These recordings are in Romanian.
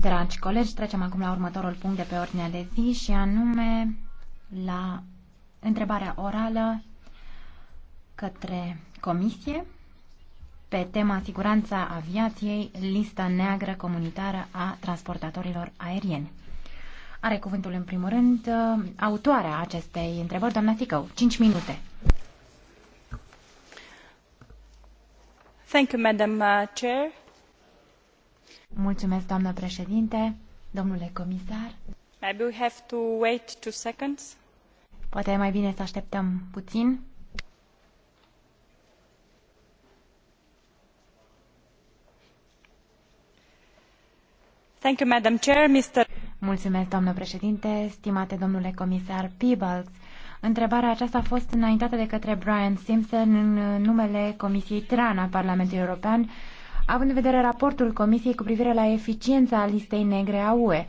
Dragi colegi, trecem acum la următorul punct de pe ordinea de zi și anume la întrebarea orală către Comisie pe tema siguranța aviației, lista neagră comunitară a transportatorilor aerieni. Are cuvântul în primul rând autoarea acestei întrebări, doamna Ticău. 5 minute. Thank you, Madam uh, Chair. Mulțumesc, doamnă președinte, domnule comisar. Maybe we have to wait two seconds. Poate e mai bine să așteptăm puțin. Thank you, Madam Chair, Mr. Mulțumesc, doamnă președinte, stimate domnule comisar Peebles. Întrebarea aceasta a fost înaintată de către Brian Simpson în numele Comisiei Trana Parlamentului European având în vedere raportul Comisiei cu privire la eficiența listei negre a UE.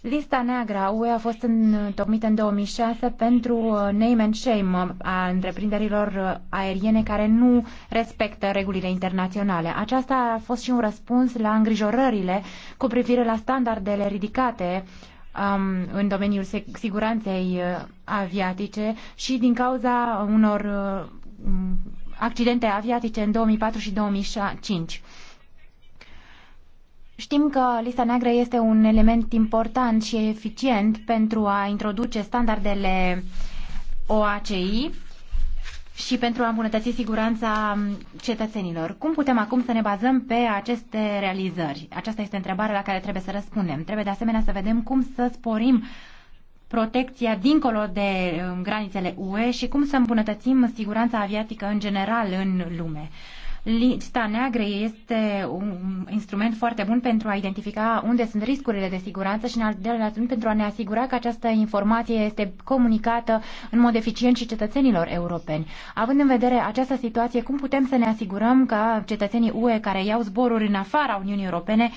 Lista neagră a UE a fost întocmită în 2006 pentru uh, name and shame uh, a întreprinderilor uh, aeriene care nu respectă regulile internaționale. Aceasta a fost și un răspuns la îngrijorările cu privire la standardele ridicate um, în domeniul siguranței aviatice și din cauza unor accidente aviatice în 2004 și 2005. Știm că lista neagră este un element important și eficient pentru a introduce standardele OACI și pentru a îmbunătăți siguranța cetățenilor. Cum putem acum să ne bazăm pe aceste realizări? Aceasta este întrebarea la care trebuie să răspundem. Trebuie de asemenea să vedem cum să sporim protecția dincolo de um, granițele UE și cum să îmbunătățim siguranța aviatică în general în lume. Lista neagră este un instrument foarte bun pentru a identifica unde sunt riscurile de siguranță și, în al doilea rând, pentru a ne asigura că această informație este comunicată în mod eficient și cetățenilor europeni. Având în vedere această situație, cum putem să ne asigurăm că cetățenii UE care iau zboruri în afara Uniunii Europene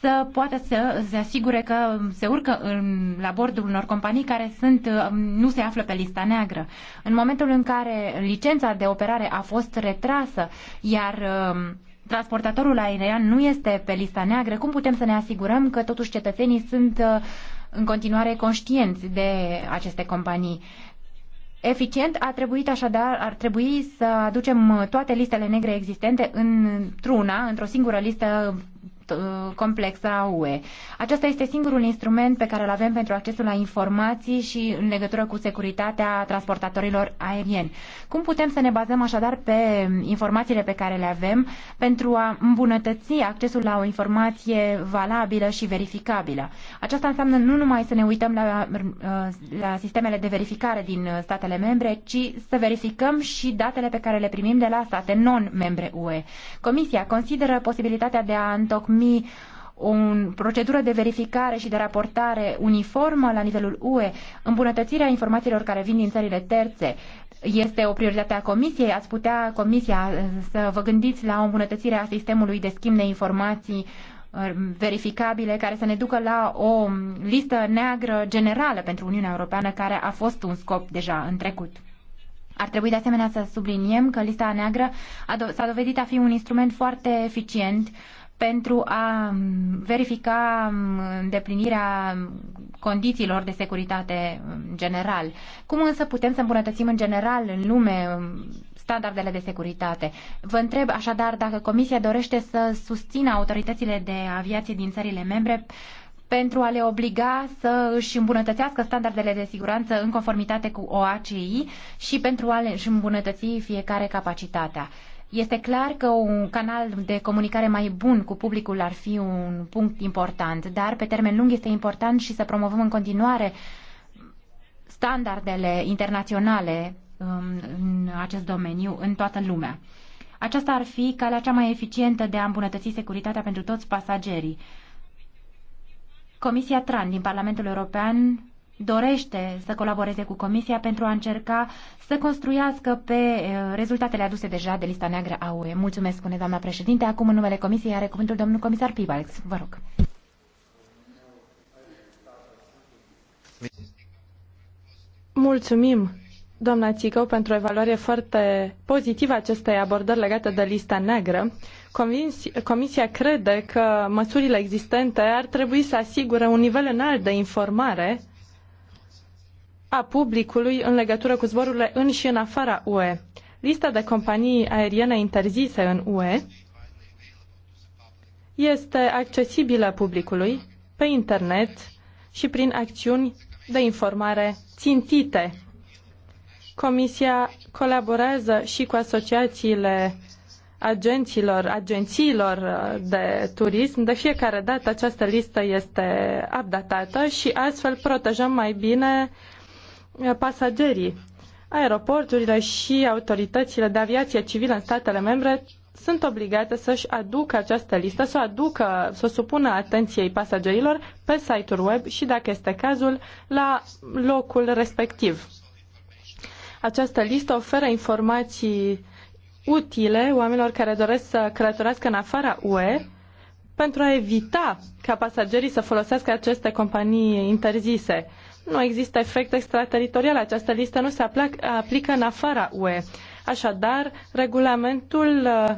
să poată să se asigure că se urcă în, la bordul unor companii care sunt, nu se află pe lista neagră. În momentul în care licența de operare a fost retrasă, iar iar um, transportatorul aerian nu este pe lista neagră, cum putem să ne asigurăm că totuși cetățenii sunt uh, în continuare conștienți de aceste companii? Eficient a trebuit așadar, ar trebui să aducem toate listele negre existente într-una, într-o singură listă Uh, complexă a UE. Acesta este singurul instrument pe care îl avem pentru accesul la informații și în legătură cu securitatea transportatorilor aerieni. Cum putem să ne bazăm așadar pe informațiile pe care le avem pentru a îmbunătăți accesul la o informație valabilă și verificabilă? Aceasta înseamnă nu numai să ne uităm la, uh, la sistemele de verificare din statele membre, ci să verificăm și datele pe care le primim de la state non-membre UE. Comisia consideră posibilitatea de a întocmi primi o procedură de verificare și de raportare uniformă la nivelul UE, îmbunătățirea informațiilor care vin din țările terțe, este o prioritate a Comisiei. Ați putea, Comisia, să vă gândiți la o îmbunătățire a sistemului de schimb de informații uh, verificabile care să ne ducă la o listă neagră generală pentru Uniunea Europeană, care a fost un scop deja în trecut. Ar trebui de asemenea să subliniem că lista neagră s-a dovedit a fi un instrument foarte eficient uh, pentru a verifica îndeplinirea condițiilor de securitate general. Cum însă putem să îmbunătățim în general în lume standardele de securitate? Vă întreb așadar dacă Comisia dorește să susțină autoritățile de aviație din țările membre pentru a le obliga să își îmbunătățească standardele de siguranță în conformitate cu OACI și pentru a își îmbunătăți fiecare capacitatea. Este clar că un canal de comunicare mai bun cu publicul ar fi un punct important, dar pe termen lung este important și să promovăm în continuare standardele internaționale um, în acest domeniu în toată lumea. Aceasta ar fi calea cea mai eficientă de a îmbunătăți securitatea pentru toți pasagerii. Comisia TRAN din Parlamentul European dorește să colaboreze cu Comisia pentru a încerca să construiască pe rezultatele aduse deja de lista neagră a UE. Mulțumesc, spune doamna președinte. Acum, în numele Comisiei, are cuvântul domnul comisar Pibalx. Vă rog. Mulțumim, doamna Țicău, pentru o evaluare foarte pozitivă acestei abordări legate de lista neagră. Comisia crede că măsurile existente ar trebui să asigure un nivel înalt de informare a publicului în legătură cu zborurile în și în afara UE. Lista de companii aeriene interzise în UE este accesibilă publicului pe internet și prin acțiuni de informare țintite. Comisia colaborează și cu asociațiile agenților, agențiilor uh, de turism. De fiecare dată această listă este updatată și astfel protejăm mai bine uh, pasagerii. Aeroporturile și autoritățile de aviație civilă în statele membre sunt obligate să-și aducă această listă, să o aducă, să o supună atenției pasagerilor pe site ul web și, dacă este cazul, la locul respectiv. Această listă oferă informații utile oamenilor care doresc să călătorească în afara UE pentru a evita ca pasagerii să folosească aceste companii interzise nu există efect extrateritorial. Această listă nu se aplică în afara UE. Așadar, regulamentul uh,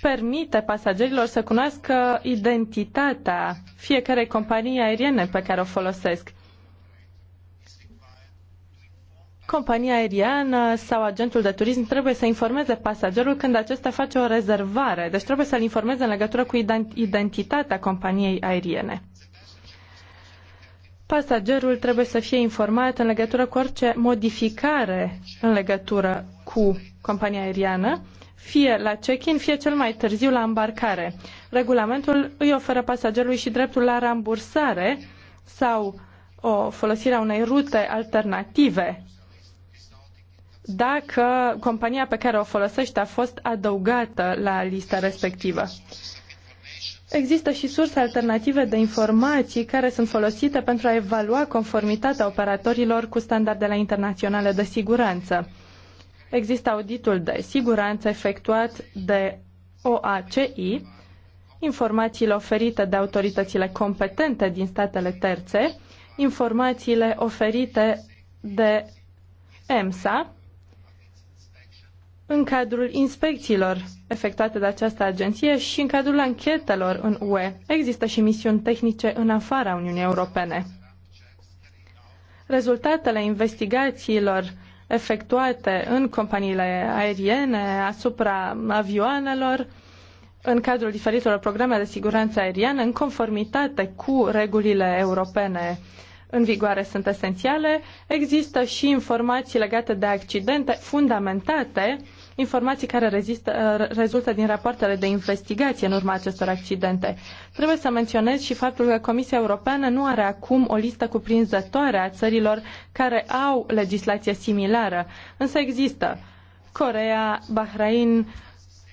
permite pasagerilor să cunoască identitatea fiecarei companii aeriene pe care o folosesc compania aeriană sau agentul de turism trebuie să informeze pasagerul când acesta face o rezervare. Deci trebuie să-l informeze în legătură cu identitatea companiei aeriene. Pasagerul trebuie să fie informat în legătură cu orice modificare în legătură cu compania aeriană, fie la check-in, fie cel mai târziu la îmbarcare. Regulamentul îi oferă pasagerului și dreptul la rambursare sau o folosire a unei rute alternative dacă compania pe care o folosește a fost adăugată la lista respectivă. Există și surse alternative de informații care sunt folosite pentru a evalua conformitatea operatorilor cu standardele internaționale de siguranță. Există auditul de siguranță efectuat de OACI, informațiile oferite de autoritățile competente din statele terțe, informațiile oferite de EMSA în cadrul inspecțiilor efectuate de această agenție și în cadrul anchetelor în UE. Există și misiuni tehnice în afara Uniunii Europene. Rezultatele investigațiilor efectuate în companiile aeriene asupra avioanelor în cadrul diferitelor programe de siguranță aeriană, în conformitate cu regulile europene în vigoare sunt esențiale, există și informații legate de accidente fundamentate informații care rezistă, uh, rezultă din rapoartele de investigație în urma acestor accidente. Trebuie să menționez și faptul că Comisia Europeană nu are acum o listă cuprinzătoare a țărilor care au legislație similară, însă există Corea, Bahrain,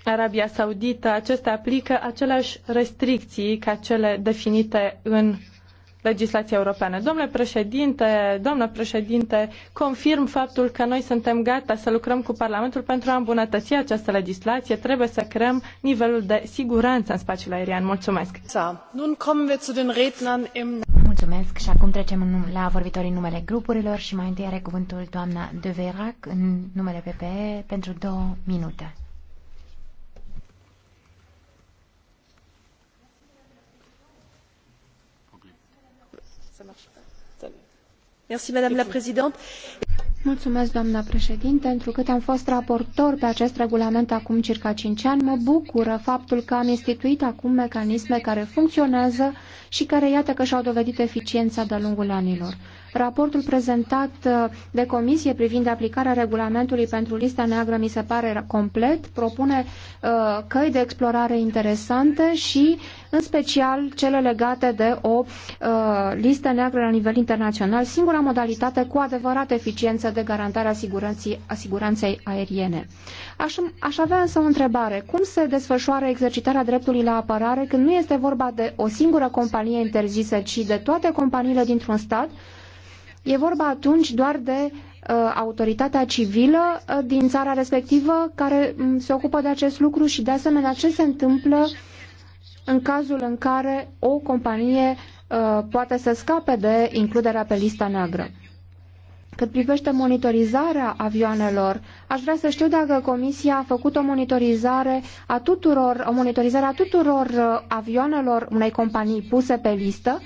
Arabia Saudită, acestea aplică aceleași restricții ca cele definite în legislația europeană. Domnule președinte, domnă președinte, confirm faptul că noi suntem gata să lucrăm cu Parlamentul pentru a îmbunătăți această legislație. Trebuie să creăm nivelul de siguranță în spațiul aerian. Mulțumesc! Mulțumesc și acum trecem la vorbitorii numele grupurilor și mai întâi are cuvântul doamna De Verac în numele PPE pentru două minute. Întrucât am fost raportor pe acest regulament acum circa cinci ani, mă bucură faptul că am instituit acum mecanisme care funcționează și care iată că și-au dovedit eficiența de-a lungul anilor. Raportul prezentat uh, de comisie privind aplicarea regulamentului pentru lista neagră mi se pare complet, propune uh, căi de explorare interesante și în special cele legate de o uh, listă neagră la nivel internațional, singura modalitate cu adevărat eficiență de garantare a siguranței aeriene. Aș, aș avea însă o întrebare. Cum se desfășoară exercitarea dreptului la apărare când nu este vorba de o singură companie interzisă, ci de toate companiile dintr-un stat E vorba atunci doar de uh, autoritatea civilă uh, din țara respectivă care mm, se ocupă de acest lucru și de asemenea ce se întâmplă în cazul în care o companie uh, poate să scape de includerea pe lista neagră. Cât privește monitorizarea avioanelor, aș vrea să știu dacă Comisia a făcut o monitorizare a tuturor, o monitorizare a tuturor avioanelor unei companii puse pe listă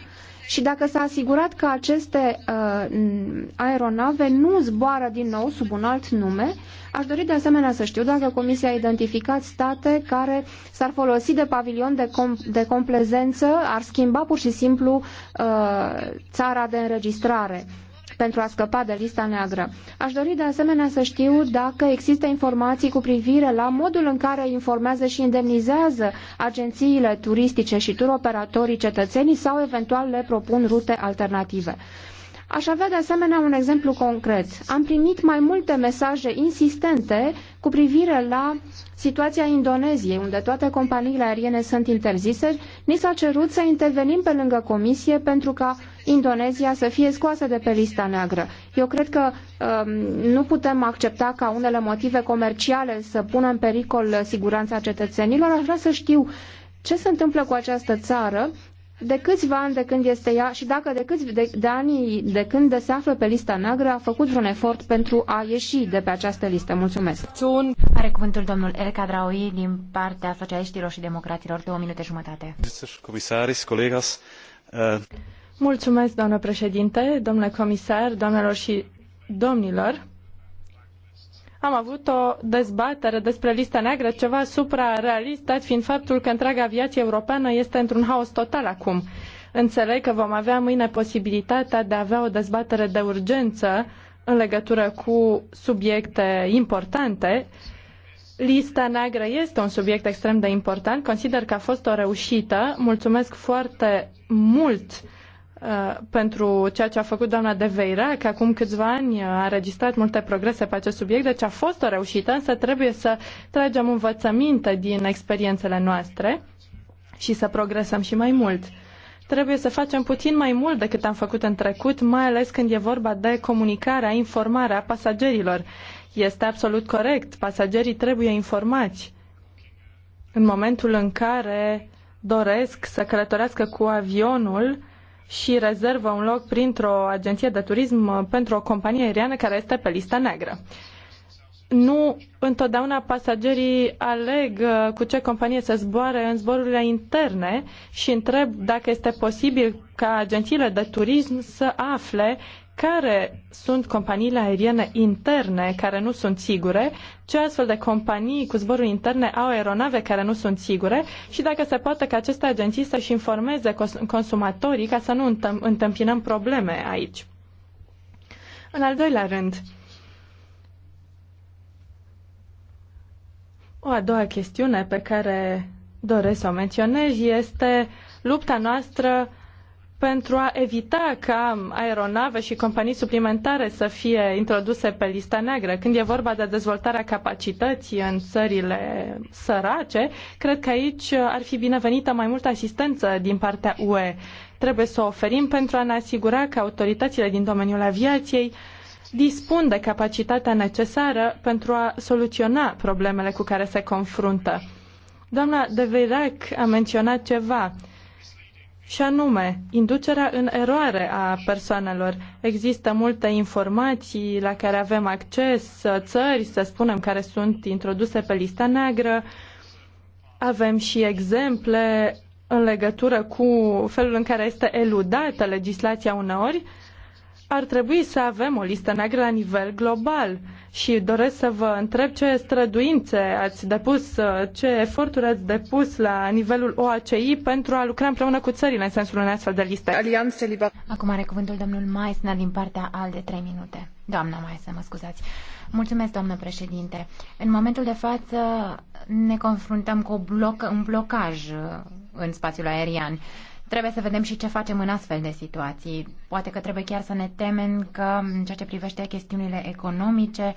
și dacă s-a asigurat că aceste uh, aeronave nu zboară din nou sub un alt nume, aș dori de asemenea să știu dacă Comisia a identificat state care s-ar folosi de pavilion de, com- de complezență, ar schimba pur și simplu uh, țara de înregistrare pentru a scăpa de lista neagră. Aș dori de asemenea să știu dacă există informații cu privire la modul în care informează și indemnizează agențiile turistice și turoperatorii cetățenii sau eventual le propun rute alternative. Aș avea de asemenea un exemplu concret. Am primit mai multe mesaje insistente cu privire la situația Indoneziei, unde toate companiile aeriene sunt interzise. Ni s-a cerut să intervenim pe lângă comisie pentru ca Indonezia să fie scoasă de pe lista neagră. Eu cred că um, nu putem accepta ca unele motive comerciale să pună în pericol siguranța cetățenilor. Aș vrea să știu ce se întâmplă cu această țară de câțiva ani de când este ea și dacă de câți de, de ani de când se află pe lista neagră a făcut vreun efort pentru a ieși de pe această listă. Mulțumesc. Sun Are cuvântul domnul El Cadraui din partea Socialiștilor și Democraților. Două minute jumătate. Comisaris, colegas. Uh... Mulțumesc, doamnă președinte, domnule comisar, doamnelor și domnilor. Am avut o dezbatere despre lista neagră, ceva suprarealist, dat fiind faptul că întreaga aviație europeană este într-un haos total acum. Înțeleg că vom avea mâine posibilitatea de a avea o dezbatere de urgență în legătură cu subiecte importante. Lista neagră este un subiect extrem de important. Consider că a fost o reușită. Mulțumesc foarte mult Uh, pentru ceea ce a făcut doamna de că Acum câțiva ani a înregistrat multe progrese pe acest subiect, deci a fost o reușită, însă trebuie să tragem învățăminte din experiențele noastre și să progresăm și mai mult. Trebuie să facem puțin mai mult decât am făcut în trecut, mai ales când e vorba de comunicarea, informarea pasagerilor. Este absolut corect, pasagerii trebuie informați. În momentul în care doresc să călătorească cu avionul, și rezervă un loc printr-o agenție de turism uh, pentru o companie aeriană care este pe lista neagră. Nu întotdeauna pasagerii aleg uh, cu ce companie să zboare în zborurile interne și întreb dacă este posibil ca agențiile de turism să afle care sunt companiile aeriene interne care nu sunt sigure, ce astfel de companii cu zboruri interne au aeronave care nu sunt sigure și dacă se poate ca aceste agenții să-și informeze consumatorii ca să nu întâmpinăm probleme aici. În al doilea rând, o a doua chestiune pe care doresc să o menționez este lupta noastră pentru a evita ca aeronave și companii suplimentare să fie introduse pe lista neagră. Când e vorba de dezvoltarea capacității în țările sărace, cred că aici ar fi binevenită mai multă asistență din partea UE. Trebuie să o oferim pentru a ne asigura că autoritățile din domeniul aviației dispun de capacitatea necesară pentru a soluționa problemele cu care se confruntă. Doamna de Verac a menționat ceva și anume inducerea în eroare a persoanelor. Există multe informații la care avem acces, țări, să spunem, care sunt introduse pe lista neagră. Avem și exemple în legătură cu felul în care este eludată legislația uneori ar trebui să avem o listă neagră la nivel global și doresc să vă întreb ce străduințe ați depus, ce eforturi ați depus la nivelul OACI pentru a lucra împreună cu țările în sensul unei astfel de liste. Alianțe Liber. Acum are cuvântul domnul Maisner din partea al de 3 minute. Doamna Maisner, mă scuzați. Mulțumesc, doamnă președinte. În momentul de față ne confruntăm cu un blocaj în spațiul aerian trebuie să vedem și ce facem în astfel de situații. Poate că trebuie chiar să ne temem că, în ceea ce privește chestiunile economice,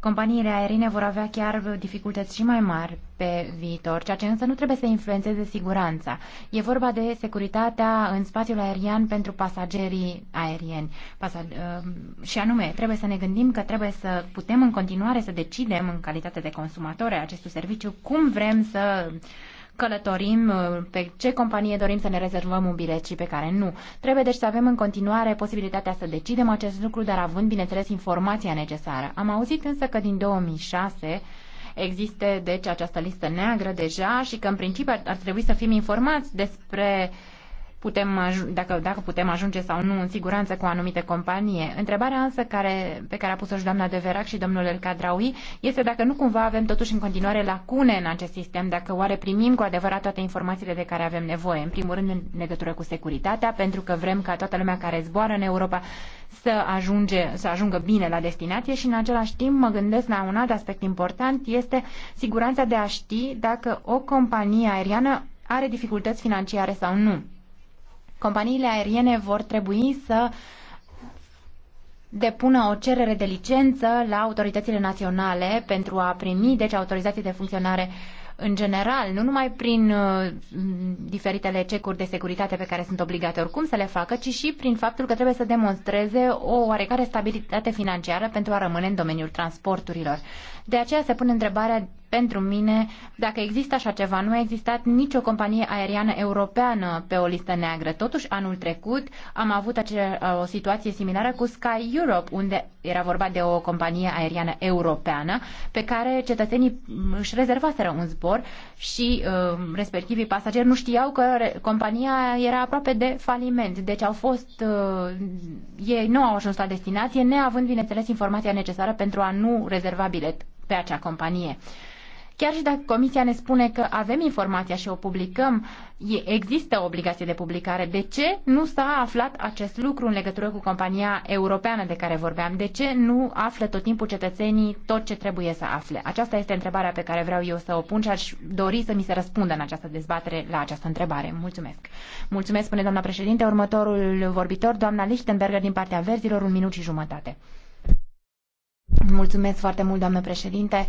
companiile aeriene vor avea chiar dificultăți și mai mari pe viitor, ceea ce însă nu trebuie să influențeze siguranța. E vorba de securitatea în spațiul aerian pentru pasagerii aerieni. Pasag- uh, și anume, trebuie să ne gândim că trebuie să putem în continuare să decidem, în calitate de consumatori acestui serviciu, cum vrem să călătorim, uh, pe ce companie dorim să ne rezervăm un bilet și pe care nu. Trebuie deci să avem în continuare posibilitatea să decidem acest lucru, dar având, bineînțeles, informația necesară. Am auzit însă că din 2006 Existe, deci, această listă neagră deja și că, în principiu, ar, ar trebui să fim informați despre uh, putem, dacă, dacă putem ajunge sau nu în siguranță cu anumite companie. Întrebarea însă care, pe care a pus-o și doamna Deverac și domnul El Cadraui este dacă nu cumva avem totuși în continuare lacune în acest sistem, dacă oare primim cu adevărat toate informațiile de care avem nevoie, în primul rând în legătură cu securitatea, pentru că vrem ca toată lumea care zboară în Europa să, ajunge, să ajungă bine la destinație și în același timp mă gândesc la un alt aspect important, este siguranța de a ști dacă o companie aeriană are dificultăți financiare sau nu companiile aeriene vor trebui să depună o cerere de licență la autoritățile naționale pentru a primi, deci, autorizații de funcționare în general, nu numai prin uh, diferitele cecuri de securitate pe care sunt obligate oricum să le facă, ci și prin faptul că trebuie să demonstreze o oarecare stabilitate financiară pentru a rămâne în domeniul transporturilor. De aceea se pune întrebarea pentru mine, dacă există așa ceva, nu a existat nicio companie aeriană europeană pe o listă neagră. Totuși, anul trecut am avut ace- o situație similară cu Sky Europe, unde era vorba de o companie aeriană europeană pe care cetățenii își rezervaseră un zbor și uh, respectivii pasageri nu știau că compania era aproape de faliment. Deci au fost, uh, ei nu au ajuns la destinație, neavând, bineînțeles, informația necesară pentru a nu rezerva bilet pe acea companie. Chiar și dacă Comisia ne spune că avem informația și o publicăm, există obligație de publicare. De ce nu s-a aflat acest lucru în legătură cu compania europeană de care vorbeam? De ce nu află tot timpul cetățenii tot ce trebuie să afle? Aceasta este întrebarea pe care vreau eu să o pun și aș dori să mi se răspundă în această dezbatere la această întrebare. Mulțumesc. Mulțumesc, spune doamna președinte. Următorul vorbitor, doamna Lichtenberger din partea verzilor, un minut și jumătate. Mulțumesc foarte mult, doamnă președinte.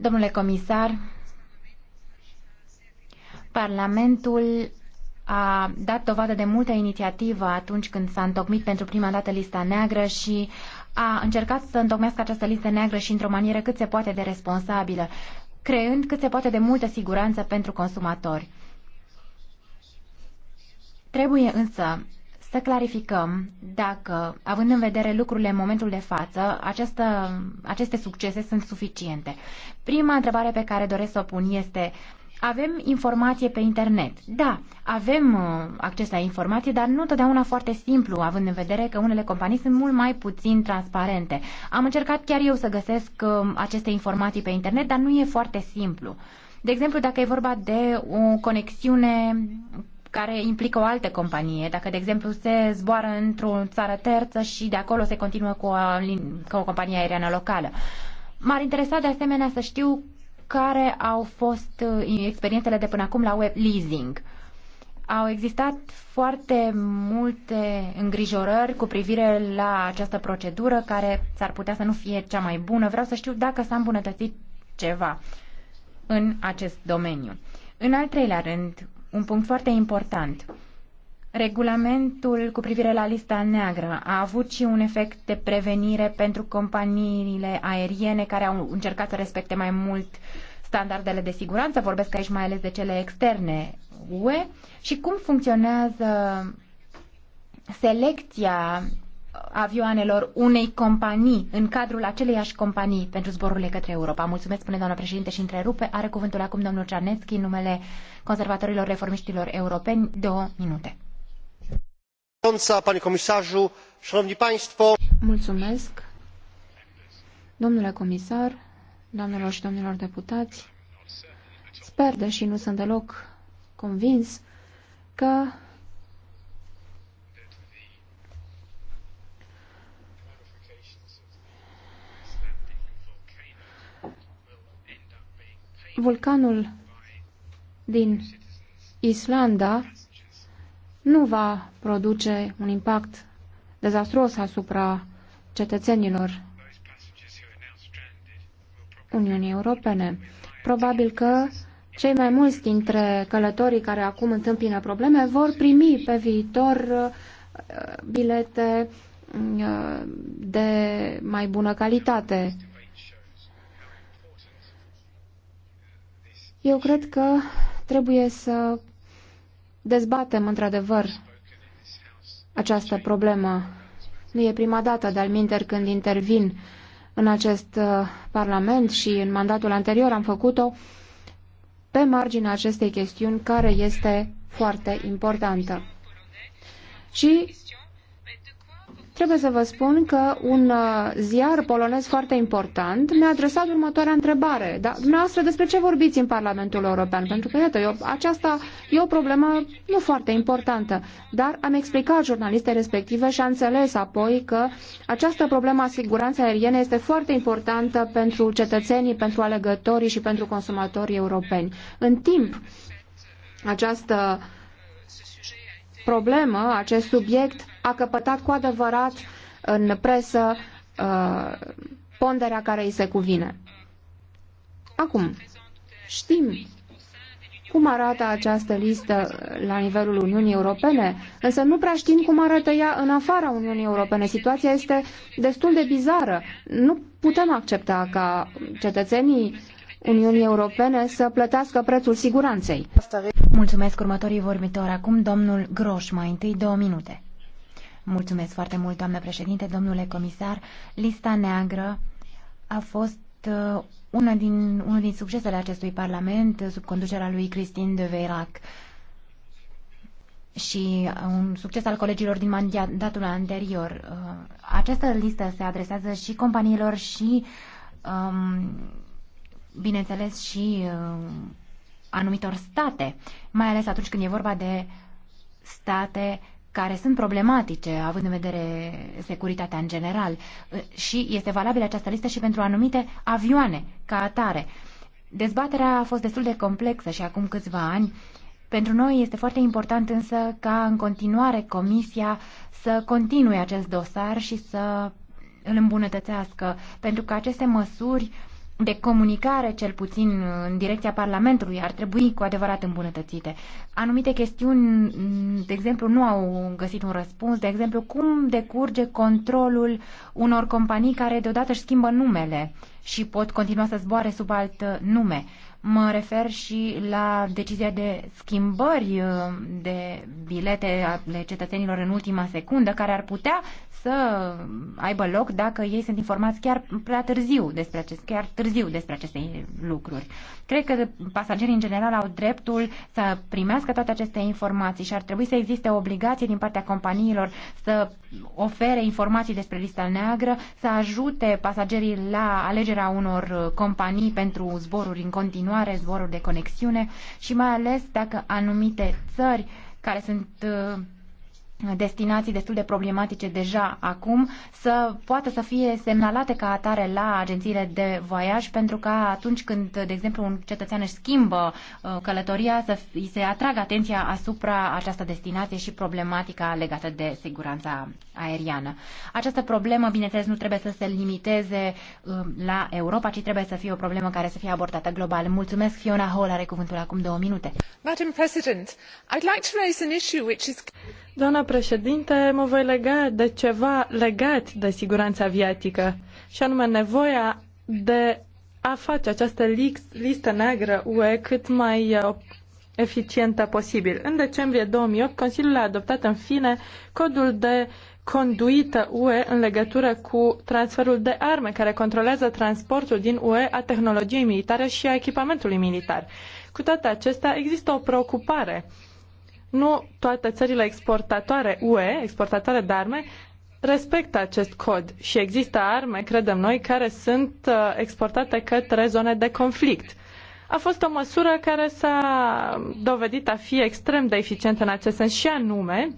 Domnule comisar, Parlamentul a dat dovadă de multă inițiativă atunci când s-a întocmit pentru prima dată lista neagră și a încercat să întocmească această listă neagră și într-o manieră cât se poate de responsabilă, creând cât se poate de multă siguranță pentru consumatori. Trebuie însă să clarificăm dacă, având în vedere lucrurile în momentul de față, această, aceste succese sunt suficiente. Prima întrebare pe care doresc să o pun este avem informație pe internet. Da, avem uh, acces la informație, dar nu totdeauna foarte simplu, având în vedere că unele companii sunt mult mai puțin transparente. Am încercat chiar eu să găsesc uh, aceste informații pe internet, dar nu e foarte simplu. De exemplu, dacă e vorba de o conexiune care implică o altă companie. Dacă, de exemplu, se zboară într-o țară terță și de acolo se continuă cu o, cu o companie aeriană locală. M-ar interesa de asemenea să știu care au fost uh, experiențele de până acum la web leasing. Au existat foarte multe îngrijorări cu privire la această procedură care s-ar putea să nu fie cea mai bună. Vreau să știu dacă s-a îmbunătățit ceva în acest domeniu. În al treilea rând, un punct foarte important. Regulamentul cu privire la lista neagră a avut și un efect de prevenire pentru companiile aeriene care au încercat să respecte mai mult standardele de siguranță, vorbesc aici mai ales de cele externe UE, și cum funcționează selecția avioanelor unei companii în cadrul aceleiași companii pentru zborurile către Europa. Mulțumesc, spune doamna președinte și întrerupe. Are cuvântul acum domnul Cernețchi în numele conservatorilor reformiștilor europeni. Două minute. Mulțumesc. Domnule comisar, doamnelor și domnilor deputați, sper, deși nu sunt deloc convins, că vulcanul din Islanda nu va produce un impact dezastruos asupra cetățenilor Uniunii Europene. Probabil că cei mai mulți dintre călătorii care acum întâmpină probleme vor primi pe viitor uh, bilete uh, de mai bună calitate Eu cred că trebuie să dezbatem într-adevăr această problemă. Nu e prima dată de-al minter când intervin în acest uh, Parlament și în mandatul anterior am făcut-o pe marginea acestei chestiuni care este foarte importantă. Și Trebuie să vă spun că un uh, ziar polonez foarte important mi-a adresat următoarea întrebare. Dar dumneavoastră despre ce vorbiți în Parlamentul European? Pentru că, iată, eu, aceasta e o problemă nu foarte importantă. Dar am explicat jurnalistei respective și am înțeles apoi că această problemă a siguranței aeriene este foarte importantă pentru cetățenii, pentru alegătorii și pentru consumatorii europeni. În timp, această uh, problemă, acest subiect a căpătat cu adevărat în presă uh, ponderea care îi se cuvine. Acum, știm cum arată această listă la nivelul Uniunii Europene, însă nu prea știm cum arată ea în afara Uniunii Europene. Situația este destul de bizară. Nu putem accepta ca cetățenii Uniunii Europene să plătească prețul siguranței. Mulțumesc următorii vorbitori. Acum domnul Groș, mai întâi două minute. Mulțumesc foarte mult, doamnă președinte, domnule comisar. Lista neagră a fost uh, una din, unul din succesele acestui parlament sub conducerea lui Christine de Veirac și uh, un succes al colegilor din mandatul anterior. Uh, această listă se adresează și companiilor și um, bineînțeles, și uh, anumitor state, mai ales atunci când e vorba de state care sunt problematice, având în vedere securitatea în general. Uh, și este valabilă această listă și pentru anumite avioane ca atare. Dezbaterea a fost destul de complexă și acum câțiva ani. Pentru noi este foarte important însă ca în continuare Comisia să continue acest dosar și să îl îmbunătățească, pentru că aceste măsuri uh, de comunicare, cel puțin în direcția Parlamentului, ar trebui cu adevărat îmbunătățite. Anumite chestiuni, de exemplu, nu au găsit un răspuns, de exemplu, cum decurge controlul unor companii care deodată își schimbă numele. Uh, și pot continua să zboare sub alt uh, nume. Mă refer și la decizia de schimbări uh, de bilete ale cetățenilor în ultima secundă, care ar putea să aibă loc dacă ei sunt informați chiar prea târziu despre, acest, chiar târziu despre aceste lucruri. Cred că pasagerii în general au dreptul să primească toate aceste informații și ar trebui să existe o obligație din partea companiilor să ofere informații despre lista neagră, să ajute pasagerii la alegeri alegerea unor uh, companii pentru zboruri în continuare, zboruri de conexiune și mai ales dacă anumite țări care sunt uh, destinații destul de problematice deja acum să poată să fie semnalate ca atare la agențiile de voiaj pentru că atunci când, de exemplu, un cetățean își schimbă uh, călătoria să îi se atragă atenția asupra această destinație și problematica legată de siguranța aeriană. Această problemă, bineînțeles, nu trebuie să se limiteze uh, la Europa, ci trebuie să fie o problemă care să fie abordată global. Mulțumesc, Fiona Hall are cuvântul acum două minute. Madam President, I'd like to raise an issue which is Doamna președinte, mă voi lega de ceva legat de siguranța aviatică, și anume nevoia de a face această listă neagră UE cât mai uh, eficientă posibil. În decembrie 2008, Consiliul a adoptat în fine codul de conduită UE în legătură cu transferul de arme care controlează transportul din UE a tehnologiei militare și a echipamentului militar. Cu toate acestea, există o preocupare nu toate țările exportatoare UE, exportatoare de arme, respectă acest cod și există arme, credem noi, care sunt uh, exportate către zone de conflict. A fost o măsură care s-a dovedit a fi extrem de eficientă în acest sens și anume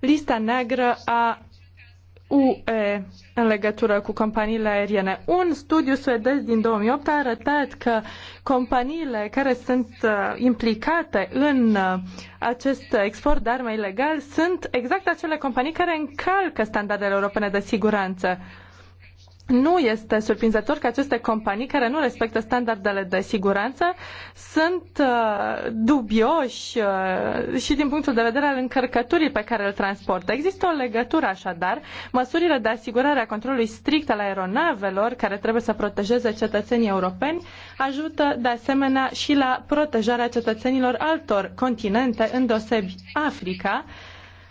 lista neagră a UE în legătură cu companiile aeriene. Un studiu suedez din 2008 a arătat că companiile care sunt uh, implicate în uh, acest export de arme ilegal sunt exact acele companii care încalcă standardele europene de siguranță. Uh, nu este surprinzător că aceste companii care nu respectă standardele de siguranță sunt uh, dubioși uh, și din punctul de vedere al încărcăturii pe care îl transportă. Există o legătură așadar. Măsurile de asigurare a controlului strict al aeronavelor care trebuie să protejeze cetățenii europeni ajută de asemenea și la protejarea cetățenilor altor continente, îndeosebi Africa.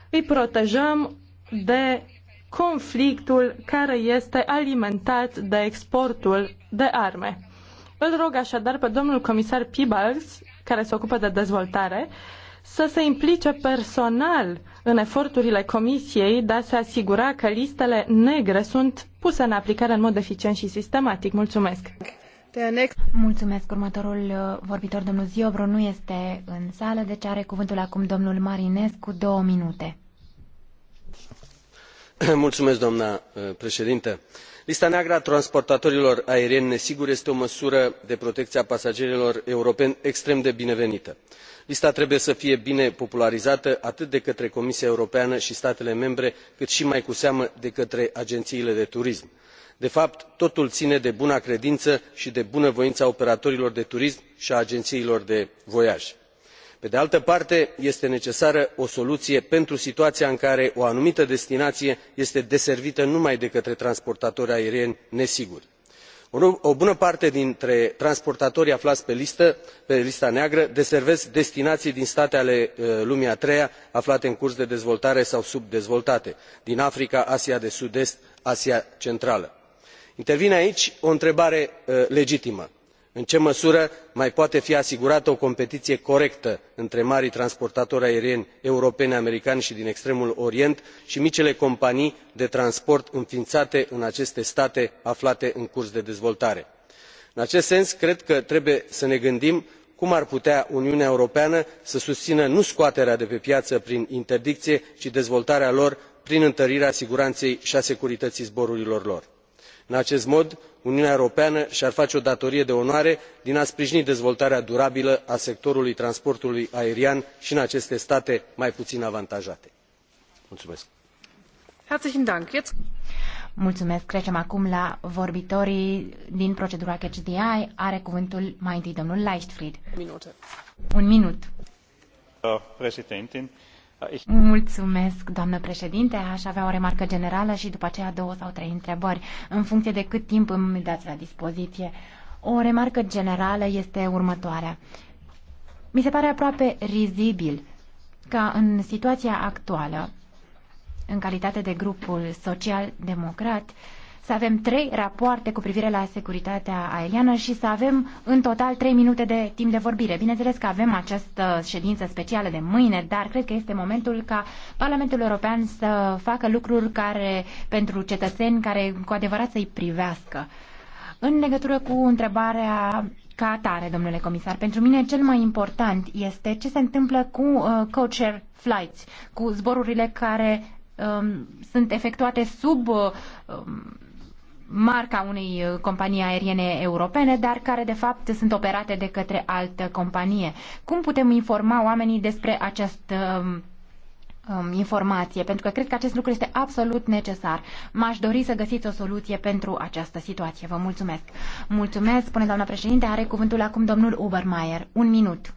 Îi protejăm de conflictul care este alimentat de exportul de arme. Îl rog așadar pe domnul comisar Pibals, care se ocupă de dezvoltare, să se implice personal în eforturile Comisiei de a se asigura că listele negre sunt puse în aplicare în mod eficient și sistematic. Mulțumesc! Mulțumesc. Următorul uh, vorbitor, domnul Ziobro, nu este în sală, deci are cuvântul acum domnul Marinescu, două minute. Uh, lista neagră a transportatorilor aerieni nesiguri este o măsură de protecie a pasagerilor europeni extrem de binevenită. lista trebuie să fie bine popularizată atât de către comisia europeană i statele membre cât i mai cu seamă de către ageniile de turism. de fapt totul ine de buna credină i de bunăvoina operatorilor de turism i a ageniilor de voiaj pe de altă parte este necesară o soluie pentru situaia în care o anumită destinaie este deservită numai de către transportatori aerieni nesiguri. o bună parte dintre transportatorii aflai pe lista neagră deservesc destinaii din state ale uh, lumii a treia aflate în curs de dezvoltare sau subdezvoltate din africa asia de sud est asia centrală. intervine aici o întrebare uh, legitimă în ce măsură mai poate fi asigurată o competiie corectă între marii transportatori aerieni europeni americani i din extremul orient i micile companii de transport înfiinate în aceste state aflate în curs de dezvoltare? în acest sens cred că trebuie să ne gândim cum ar putea uniunea europeană să susină nu scoaterea de pe piaă prin interdicie ci dezvoltarea lor prin întărirea siguranei i a securităii zborurilor lor în acest mod uniunea europeană i ar face o datorie de onoare din a sprijini dezvoltarea durabilă a sectorului transportului aerian i în aceste state mai puin avantajate. Mulțumesc. acum la vorbitorii din procedura Are mai domnul Leichtfried. Un minut. Mulțumesc, doamnă președinte. Aș avea o remarcă generală și după aceea două sau trei întrebări, în funcție de cât timp îmi dați la dispoziție. O remarcă generală este următoarea. Mi se pare aproape rizibil ca în situația actuală, în calitate de grupul social-democrat, să avem trei rapoarte cu privire la securitatea aeriană și să avem în total trei minute de timp de vorbire. Bineînțeles că avem această ședință specială de mâine, dar cred că este momentul ca Parlamentul European să facă lucruri care, pentru cetățeni care cu adevărat să-i privească. În legătură cu întrebarea ca atare, domnule comisar, pentru mine cel mai important este ce se întâmplă cu uh, co-chair flights, cu zborurile care um, sunt efectuate sub uh, um, marca unei uh, companii aeriene europene, dar care de fapt sunt operate de către altă companie. Cum putem informa oamenii despre această um, um, informație, pentru că cred că acest lucru este absolut necesar. M-aș dori să găsiți o soluție pentru această situație. Vă mulțumesc. Mulțumesc, spune doamna președinte, are cuvântul acum domnul Ubermeier. Un minut.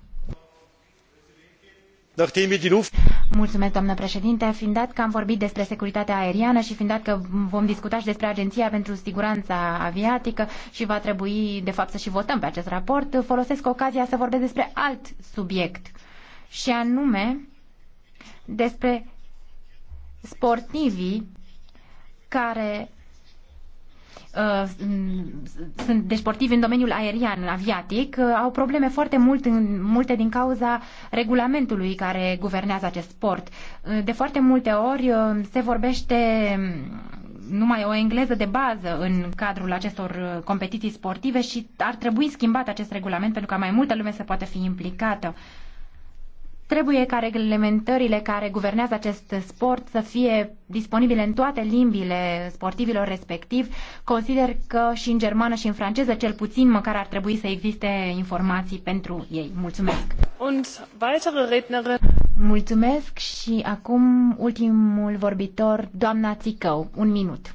Mulțumesc, președinte. Fiind dat că am vorbit despre securitatea aeriană și fiind dat că vom discuta și despre Agenția pentru Siguranța Aviatică și va trebui, de fapt, să și votăm pe acest raport, folosesc ocazia să vorbesc despre alt subiect și anume despre sportivii care Uh, sunt deci sportivi în domeniul aerian, aviatic, uh, au probleme foarte mult în, multe din cauza regulamentului care guvernează acest sport. Uh, de foarte multe ori se vorbește um, numai o engleză de bază în cadrul acestor competiții sportive și ar trebui schimbat acest regulament pentru ca mai multă lume să poată fi implicată. Trebuie ca reglementările care guvernează acest sport să fie disponibile în toate limbile sportivilor respectiv. Consider că și în germană și în franceză cel puțin măcar ar trebui să existe informații pentru ei. Mulțumesc! Mulțumesc și acum ultimul vorbitor, doamna Țicău. Un minut.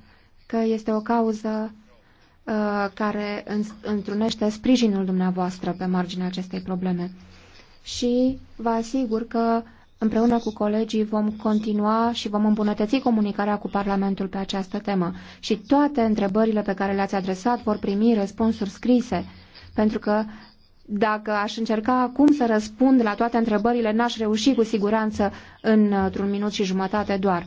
că este o cauză uh, care întrunește sprijinul dumneavoastră pe marginea acestei probleme. Și vă asigur că Împreună cu colegii vom continua și vom îmbunătăți comunicarea cu Parlamentul pe această temă și toate întrebările pe care le-ați adresat vor primi răspunsuri scrise, pentru că dacă aș încerca acum să răspund la toate întrebările, n-aș reuși cu siguranță într-un minut și jumătate doar.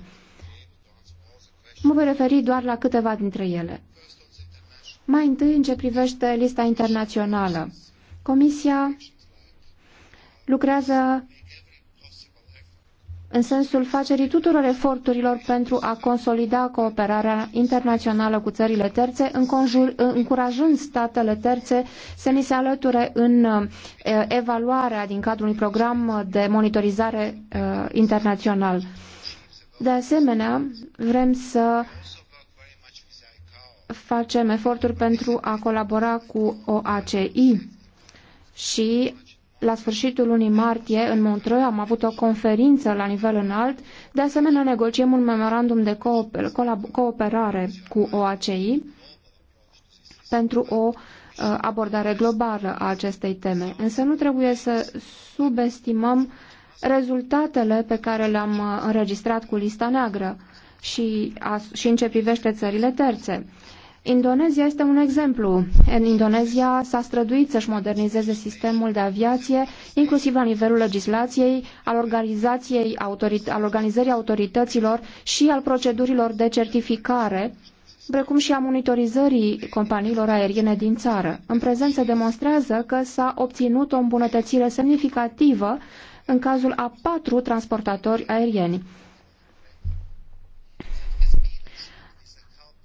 Mă voi referi doar la câteva dintre ele. Mai întâi, în ce privește lista internațională. Comisia lucrează în sensul facerii tuturor eforturilor pentru a consolida cooperarea internațională cu țările terțe, încurajând statele terțe să ni se alăture în uh, evaluarea din cadrul unui program de monitorizare uh, internațional. De asemenea, vrem să facem eforturi pentru a colabora cu OACI și la sfârșitul lunii martie, în Montreux, am avut o conferință la nivel înalt. De asemenea, negociem un memorandum de cooperare cu OACI pentru o uh, abordare globală a acestei teme. Însă nu trebuie să subestimăm uh, rezultatele pe care le-am uh, înregistrat cu lista neagră și, și în ce privește țările terțe. Indonezia este un exemplu. În Indonezia s-a străduit să-și modernizeze sistemul de aviație, inclusiv la nivelul legislației, al, organizației, al organizării autorităților și al procedurilor de certificare, precum și a monitorizării companiilor aeriene din țară. În prezent se demonstrează că s-a obținut o îmbunătățire semnificativă în cazul a patru transportatori aerieni.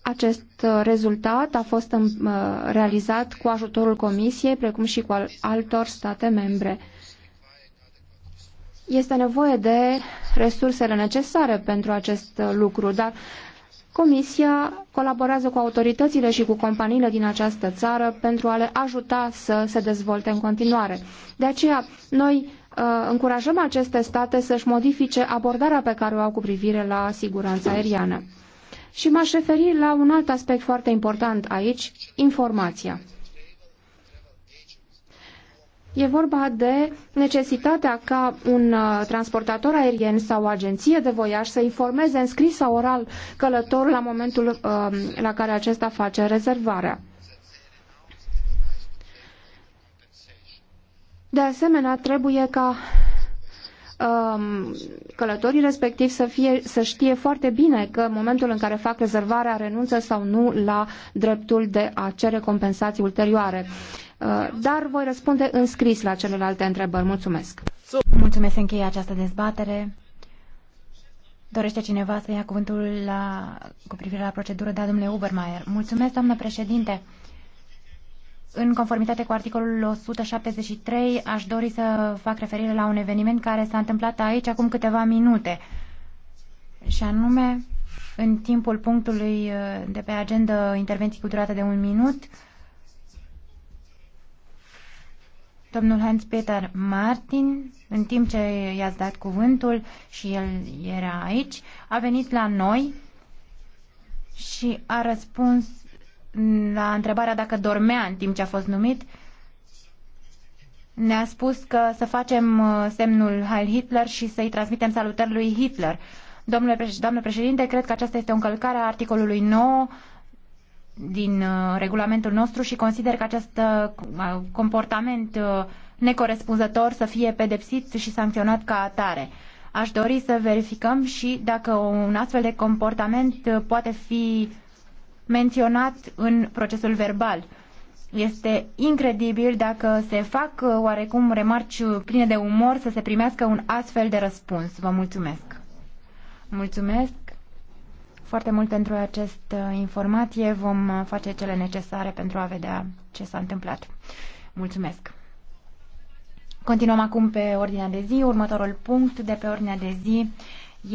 Acest uh, rezultat a fost um, uh, realizat cu ajutorul Comisiei, precum și cu altor state membre. Este nevoie de resursele necesare pentru acest uh, lucru, dar Comisia colaborează cu autoritățile și cu companiile din această țară pentru a le ajuta să se dezvolte în continuare. De aceea, noi Uh, încurajăm aceste state să-și modifice abordarea pe care o au cu privire la siguranța aeriană. Și m-aș referi la un alt aspect foarte important aici, informația. E vorba de necesitatea ca un uh, transportator aerien sau o agenție de voiaj să informeze în scris sau oral călătorul la momentul uh, la care acesta face rezervarea. De asemenea, trebuie ca um, călătorii respectivi să, fie, să știe foarte bine că în momentul în care fac rezervarea renunță sau nu la dreptul de a cere compensații ulterioare. Uh, dar voi răspunde în scris la celelalte întrebări. Mulțumesc! Mulțumesc, încheie această dezbatere. Dorește cineva să ia cuvântul la, cu privire la procedură Da, domnule Ubermaier. Mulțumesc, doamnă președinte! În conformitate cu articolul 173, aș dori să fac referire la un eveniment care s-a întâmplat aici acum câteva minute, și anume, în timpul punctului uh, de pe agenda intervenții cu durată de un minut, domnul Hans-Peter Martin, în timp ce i-ați dat cuvântul și el era aici, a venit la noi și a răspuns la întrebarea dacă dormea în timp ce a fost numit, ne-a spus că să facem uh, semnul Heil Hitler și să-i transmitem salutări lui Hitler. Domnule președinte, doamnă președinte, cred că aceasta este o încălcare a articolului 9 din uh, regulamentul nostru și consider că acest uh, comportament necorespunzător să fie pedepsit și sancționat ca atare. Aș dori să verificăm și dacă un astfel de comportament poate fi menționat în procesul verbal. Este incredibil dacă se fac uh, oarecum remarci uh, pline de umor să se primească un astfel de răspuns. Vă mulțumesc! Mulțumesc foarte mult pentru această informație. Vom uh, face cele necesare pentru a vedea ce s-a întâmplat. Mulțumesc! Continuăm acum pe ordinea de zi. Următorul punct de pe ordinea de zi